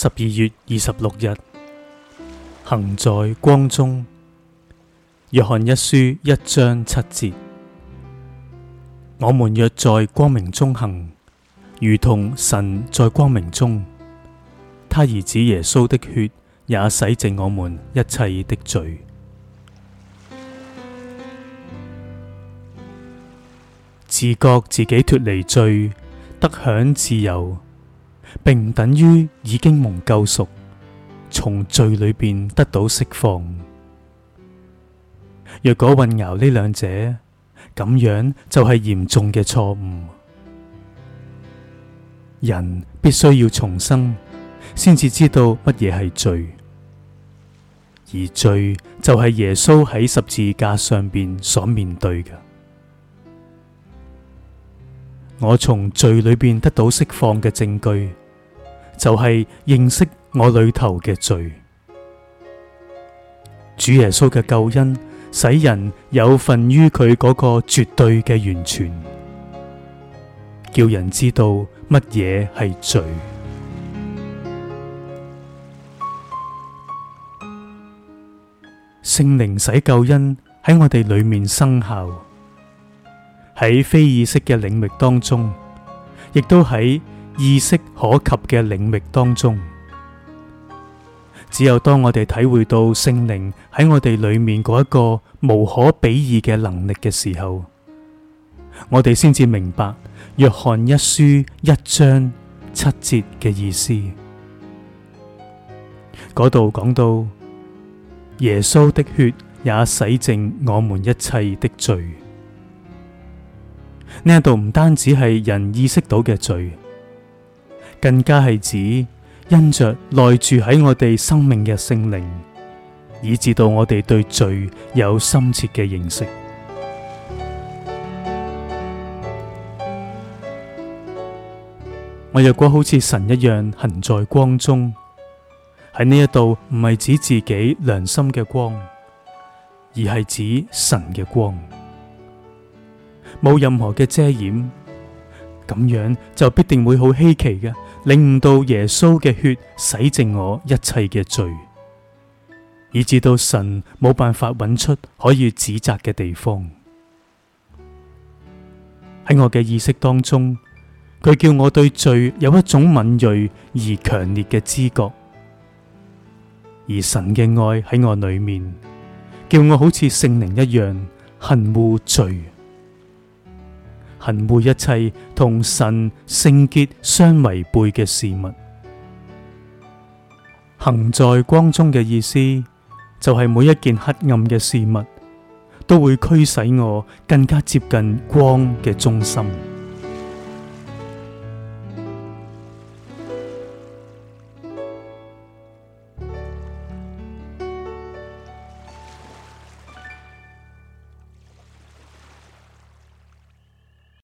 十二月二十六日，行在光中。約翰一書一章七節：我們若在光明中行，如同神在光明中，他兒子耶穌的血也洗淨我們一切的罪。自覺自己脫離罪，得享自由。並唔等於已經蒙救贖，從罪裏邊得到釋放。若果混淆呢兩者，咁樣就係嚴重嘅錯誤。人必須要重生，先至知道乜嘢係罪，而罪就係耶穌喺十字架上邊所面對嘅。我從罪裏邊得到釋放嘅證據。就係認識我裏頭嘅罪，主耶穌嘅救恩使人有份於佢嗰個絕對嘅完全，叫人知道乜嘢係罪。聖靈使救恩喺我哋裏面生效，喺非意識嘅領域當中，亦都喺。意識可及嘅領域當中，只有當我哋體會到聖靈喺我哋裏面嗰一個無可比擬嘅能力嘅時候，我哋先至明白約翰一書一章七節嘅意思。嗰度講到耶穌的血也洗淨我們一切的罪。呢度唔單止係人意識到嘅罪。更加係指因着內住喺我哋生命嘅聖靈，以至到我哋對罪有深切嘅認識。 我若果好似神一樣行在光中，喺呢一度唔係指自己良心嘅光，而係指神嘅光，冇任何嘅遮掩，咁樣就必定會好稀奇嘅。令唔到耶穌嘅血洗淨我一切嘅罪，以至到神冇辦法揾出可以指責嘅地方。喺我嘅意識當中，佢叫我對罪有一種敏銳而強烈嘅知覺，而神嘅愛喺我裏面，叫我好似聖靈一樣恨惡罪。行會一切同神聖潔相違背嘅事物，行在光中嘅意思就係每一件黑暗嘅事物都會驅使我更加接近光嘅中心。